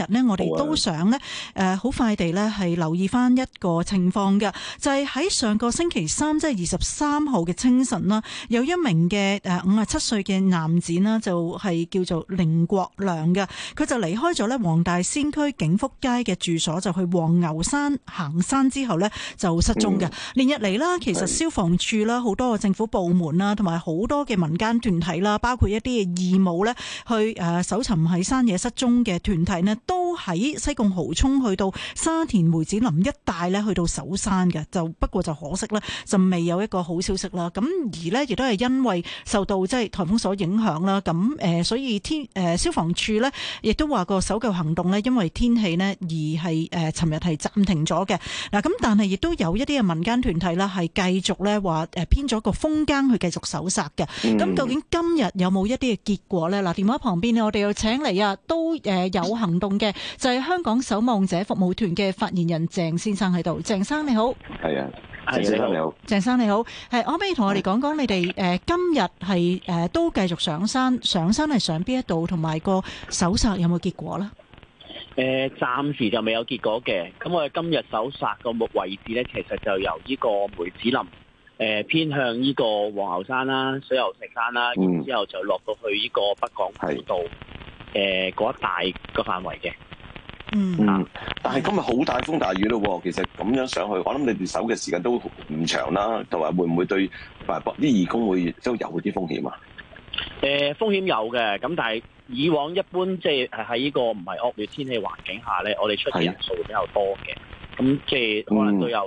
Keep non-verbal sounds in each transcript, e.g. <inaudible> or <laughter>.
日咧，我哋都想咧，誒，好快地咧，係留意翻一個情況嘅，就係、是、喺上個星期三，即係二十三號嘅清晨啦，有一名嘅誒五十七歲嘅男子啦，就係、是、叫做凌國良嘅，佢就離開咗咧黃大仙區景福街嘅住所，就去黃牛山行山之後呢，就失蹤嘅。嗯、連日嚟啦，其實消防處啦，好多嘅政府部門啦，同埋好多嘅民間團體啦，包括一啲嘅義母呢，去誒搜尋喺山野失蹤嘅團體咧。都喺西貢蠔涌去到沙田梅子林一帶咧，去到搜山嘅，就不過就可惜啦，就未有一個好消息啦。咁而咧，亦都係因為受到即係颱風所影響啦。咁誒所以天誒消防處咧，亦都話個搜救行動咧，因為天氣咧而係誒尋日係暫停咗嘅。嗱，咁但係亦都有一啲嘅民間團體啦，係繼續咧話誒編咗個風間去繼續搜索嘅。咁、嗯、究竟今日有冇一啲嘅結果咧？嗱，電話旁邊咧，我哋要請嚟啊，都誒有行動。嘅就係香港守望者服務團嘅發言人鄭先生喺度，鄭生你好，係啊，鄭生你好，鄭生你好，係可唔可以同我哋講講你哋誒是、呃、今日係誒、呃、都繼續上山，上山係上邊一度，同埋個搜索，有冇結果呢？誒、呃，暫時就未有結果嘅。咁我哋今日搜索個位置呢，其實就由呢個梅子林誒、呃、偏向呢個黃牛山啦、水牛石山啦，嗯、然之後就落到去呢個北港道。誒，嗰一大個範圍嘅，嗯，但係今日好大風大雨咯，其實咁樣上去，我諗你哋守嘅時間都唔長啦，同埋會唔會對啲義工會都有啲風險啊？誒，風險有嘅，咁但係以往一般即係喺呢個唔係惡劣天氣環境下咧，我哋出嘅人數會比較多嘅，咁即係可能都有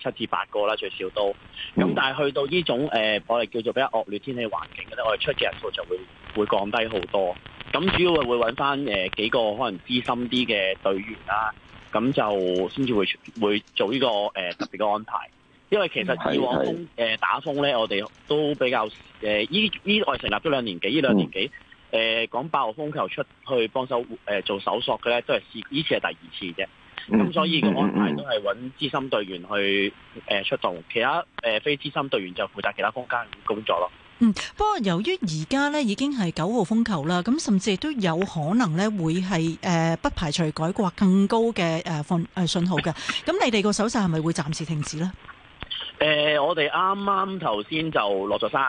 誒七至八個啦，最少都，咁、嗯、但係去到呢種誒我哋叫做比較惡劣天氣環境嘅咧，我哋出嘅人數就會會降低好多。咁主要會會揾翻誒幾個可能資深啲嘅隊員啦、啊，咁就先至會會做呢個誒、呃、特別嘅安排。因為其實以往誒是是、呃、打風呢，我哋都比較誒依依，我哋成立咗兩年幾，呢兩年幾誒講八號風球出去幫手誒做搜索嘅呢，都係呢次係係第二次啫。咁所以嘅安排都係揾資深隊員去誒、呃、出動，其他誒、呃、非資深隊員就負責其他空間嘅工作咯。嗯，不過由於而家咧已經係九號風球啦，咁甚至亦都有可能咧會係誒、呃、不排除改掛更高嘅誒風誒信號嘅。咁你哋個手勢係咪會暫時停止咧？誒、呃，我哋啱啱頭先就落咗山，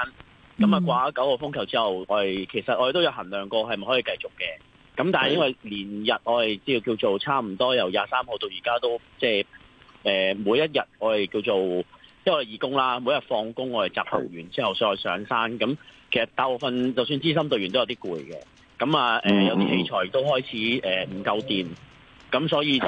咁啊掛九號風球之後，我哋其實我哋都有衡量過係咪可以繼續嘅。咁但係因為連日我哋叫叫做差唔多由廿三號到而家都即係誒、呃、每一日我哋叫做。都係 <noise> 義工啦，每日放工我哋集合完之後再上，上山。咁其實大部分就算資深隊員都有啲攰嘅。咁啊，誒、呃，有啲器材都開始誒唔夠電。咁所以就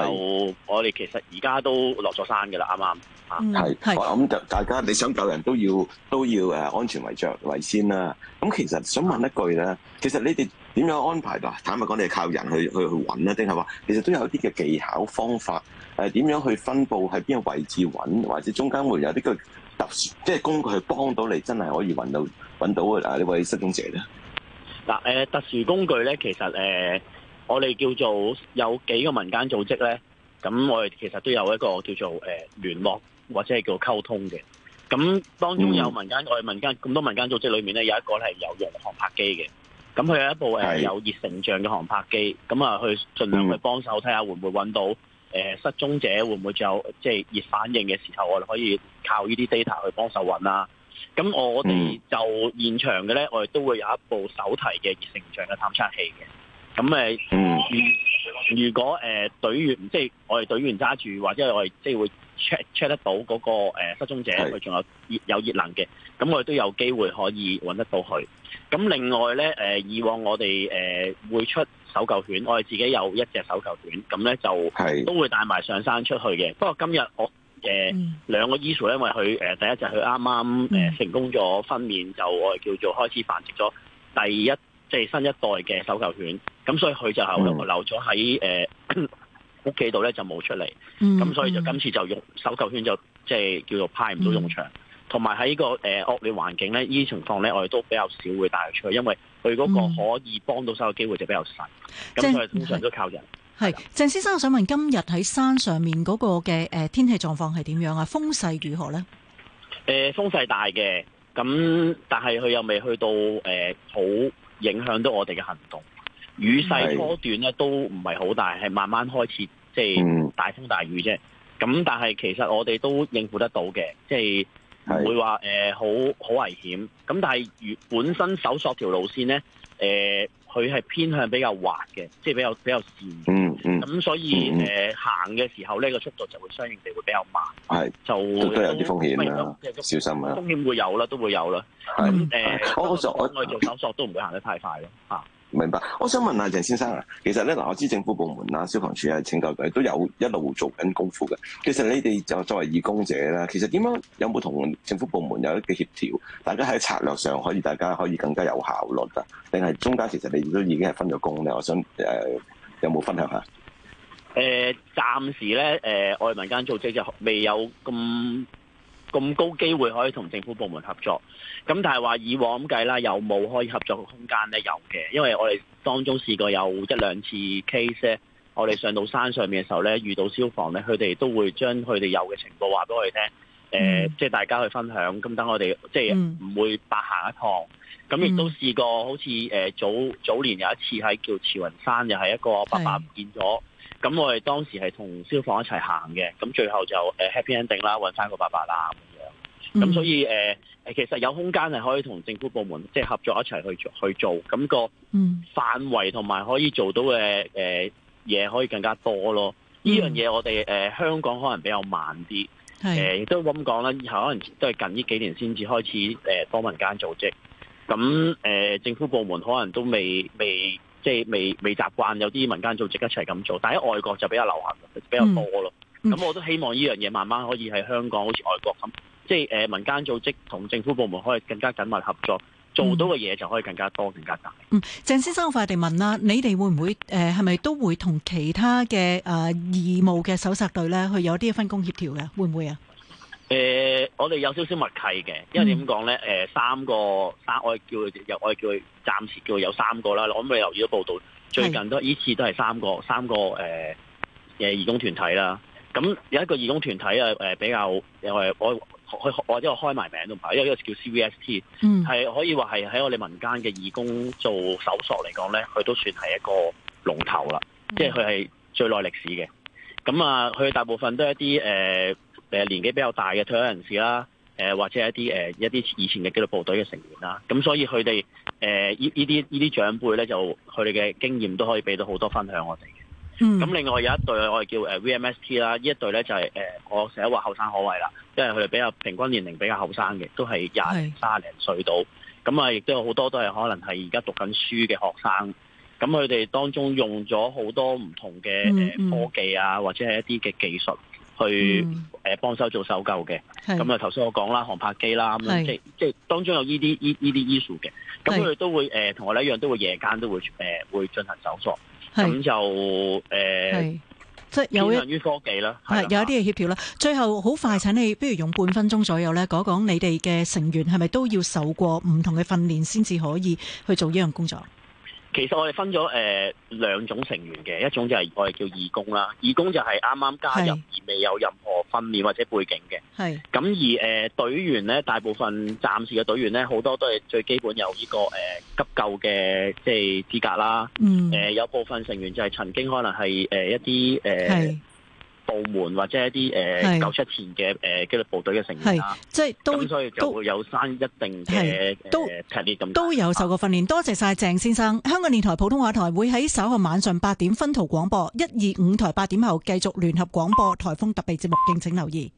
我哋其實而家都落咗山㗎啦，啱啱？係，咁就大家你想救人，都要都要安全為着為先啦。咁其實想問一句咧，其實你哋點樣安排？嗱，坦白講，你係靠人去去去揾呢？定係話其實都有一啲嘅技巧方法誒？點樣去分佈喺邊個位置揾，或者中間會有啲嘅特殊即係、就是、工具去幫到你，真係可以揾到揾到嘅誒？呢位失蹤者咧？嗱、呃、特殊工具咧，其實、呃我哋叫做有幾個民間組織咧，咁我哋其實都有一個叫做誒、呃、聯絡或者係叫溝通嘅。咁當中有民間、嗯、我哋民間咁多民間組織裏面咧，有一個係有用航拍機嘅。咁佢有一部誒是有熱成像嘅航拍機，咁啊去盡量去幫手睇下會唔會搵到、嗯呃、失蹤者會會，會唔會仲有即係熱反應嘅時候，我哋可以靠呢啲 data 去幫手搵啦。咁我哋就現場嘅咧，我哋都會有一部手提嘅熱成像嘅探測器嘅。咁如、呃嗯、如果誒、呃、隊員，即係我哋隊員揸住，或者我哋即係會 check check 得到嗰、那個、呃、失蹤者，佢仲有熱有熱能嘅，咁我哋都有機會可以搵得到佢。咁另外咧、呃，以往我哋誒、呃、會出搜救犬，我哋自己有一隻搜救犬，咁咧就都會帶埋上山出去嘅。不過今日我誒、呃嗯、兩個 usual，因為佢第一隻佢啱啱成功咗分娩，就我哋叫做開始繁殖咗第一即係、就是、新一代嘅搜救犬。咁所以佢就係留咗喺誒屋企度咧，嗯呃、裏就冇出嚟。咁、嗯、所以就今次就用搜救犬就即係叫做派唔到用場，同埋喺個誒惡劣環境咧，依情況咧，我哋都比較少會帶佢出去，因為佢嗰個可以幫到手嘅機會就比較細。咁佢、嗯、通常都靠人。係。鄭先生，我想問今日喺山上面嗰個嘅誒天氣狀況係點樣啊？風勢如何咧？誒、呃，風勢大嘅，咁但係佢又未去到誒好、呃、影響到我哋嘅行動。雨勢初段咧都唔係好大，係慢慢開始即係大風大雨啫。咁但係其實我哋都應付得到嘅，即係唔會話誒好好危險。咁但係如本身搜索條路線咧，誒佢係偏向比較滑嘅，即係比較比較跣。嗯嗯。咁所以誒行嘅時候咧個速度就會相應地會比較慢。係。就都有啲風險啦，小心啦。風險會有啦，都會有啦。咁誒，搜我做搜索都唔會行得太快咯，吓。明白，我想問下鄭先生啊，其實咧嗱，我知政府部門啊、消防處啊、拯救隊都有一路做緊功夫嘅。其實你哋就作為義工者咧，其實點樣有冇同政府部門有一個協調？大家喺策略上可以，大家可以更加有效率啊。定係中間其實你都已經係分咗工咧。我想誒、呃，有冇分享下？誒、呃，暫時咧，誒、呃，我哋民間組織就未有咁。咁高機會可以同政府部門合作，咁但係話以往咁計啦，有冇可以合作嘅空間呢？有嘅，因為我哋當中試過有一兩次 case，我哋上到山上面嘅時候呢，遇到消防呢，佢哋都會將佢哋有嘅情報話俾我哋聽，呃，即係，mm. 大家去分享，咁等我哋即係唔會白行一趟。咁亦都試過好似早早年有一次係叫慈雲山，又係一個爸爸唔見咗。咁我哋當時係同消防一齊行嘅，咁最後就 happy ending 啦，搵翻個爸爸啦咁樣，咁所以、mm. 其實有空間係可以同政府部門即係合作一齊去去做，咁、個範圍同埋可以做到嘅嘢、呃、可以更加多咯。呢樣嘢我哋、呃、香港可能比較慢啲，亦都咁講啦，以後可能都係近呢幾年先至開始、呃、多民間組織，咁、呃、政府部門可能都未未。即係未未習慣有啲民間組織一齊咁做，但喺外國就比較流行，比較多咯。咁、嗯、我都希望呢樣嘢慢慢可以喺香港好似外國咁，即係誒民間組織同政府部門可以更加緊密合作，做到嘅嘢就可以更加多、更加大。嗯，鄭先生我快啲問啦，你哋會唔會誒係咪都會同其他嘅誒、呃、義務嘅搜索隊咧去有一啲分工協調嘅，會唔會啊？誒、呃，我哋有少少默契嘅，因為點講咧？誒、呃，三個，三我係叫佢，又我哋叫佢，暫時叫佢有三個啦。我諗你留意咗報道，是最近都依次都係三個，三個誒誒、呃、義工團體啦。咁有一個義工團體啊，誒、呃、比較，因為我我我即係開埋名都唔係，因為呢個叫 CVST，係、嗯、可以話係喺我哋民間嘅義工做搜索嚟講咧，佢都算係一個龍頭啦，嗯、即係佢係最耐歷史嘅。咁啊，佢大部分都係一啲誒。呃誒年紀比較大嘅退休人士啦，誒、呃、或者一啲誒、呃、一啲以前嘅紀律部隊嘅成員啦，咁所以佢哋誒呢呢啲呢啲長輩咧，就佢哋嘅經驗都可以俾到好多分享我哋嘅。咁、嗯、另外有一隊我哋叫誒 v m s t 啦，呢一隊咧就係、是、誒、呃、我成日話後生可畏啦，因為佢哋比較平均年齡比較後生嘅，都係廿零卅零歲到，咁啊亦都有好多都係可能係而家讀緊書嘅學生，咁佢哋當中用咗好多唔同嘅、呃、科技啊，或者係一啲嘅技術。去誒幫手做搜救嘅，咁啊頭先我講啦，航拍機啦，咁即是即當中有呢啲呢依啲 issue 嘅，咁佢哋都會同、呃、我哋一樣，都會夜間都會誒會、呃、進行搜索，咁是就誒即有依於科技啦，有一啲嘢協調啦。最後好快請你，不如用半分鐘左右咧講一講你哋嘅成員係咪都要受過唔同嘅訓練先至可以去做呢樣工作。其實我哋分咗誒、呃、兩種成員嘅，一種就係我哋叫義工啦，義工就係啱啱加入是而未有任何訓練或者背景嘅。咁是而誒、呃、隊員咧，大部分暫時嘅隊員咧，好多都係最基本有呢、這個誒、呃、急救嘅即係資格啦。嗯、呃，有部分成員就係曾經可能係誒、呃、一啲誒。呃澳門或者一啲誒九七前嘅誒紀律部隊嘅成員，係即係都所以就會有生一定嘅誒都有受過訓練。多謝晒鄭先生。香港電台普通話台會喺稍後晚上八點分途廣播，一二五台八點後繼續聯合廣播颱風特別節目，敬請留意。